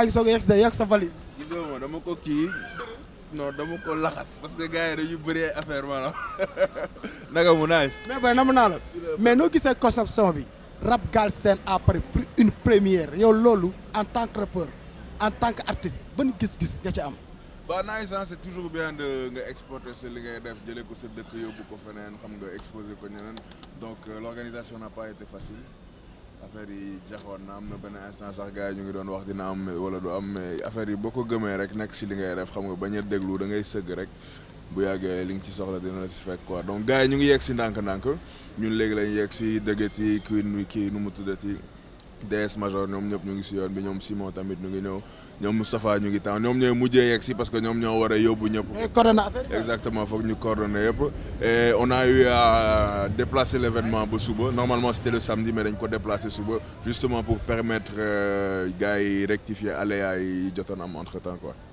ak soog a yegg sa valise. gisoo dama ko kii non dama ko laxas parce que gars yi dañu bëri ay affaire maanaam naka mu naaj. mais booy namm naa la mais noo gisee conception bi rap Galsen après une première yow loolu en tant que rappeur en tant que artiste ban gis-gis nga ci am. waaw naaj sax c'est toujours bien de nga exporter sa li ngay def jëlee ko sa dëkk yóbbu ko feneen xam nga exposer ko ñeneen donc euh, l'organisation n'a pas été facile. affaire yi jaxoon na am na benn instant sax gars yi ñu ngi doon wax dina am wala du am mais affaire yi boo ko gëmee rek nekk si li ngay def xam nga bañ a déglu da ngay sëgg rek bu yàggee li nga ci soxla dina la si fekk quoi donc gars yi ñu ngi yegg si ndànk-ndànk ñun léegi lañu yegg si dëgget yi kii kii nu mu tuddati DS major ñoom ñëpp ñu ngi si yoon bi ñoom Simon tamit ñu ngi ñëw ñoom Moustapha ñu ngi temps ñoom ñooy mujjee yeeg si parce que ñoom ñoo war a yóbbu ñëpp. Eh, coordonné affaire exactement foog ñu coordonné yëpp. et eh, on a eu à déplacer l' ba suba normalement c' était le samedi mais dañ ko déplacer suba justement pour permettre euh, gars yi rectifier aléa yi jotoon am entre temps quoi.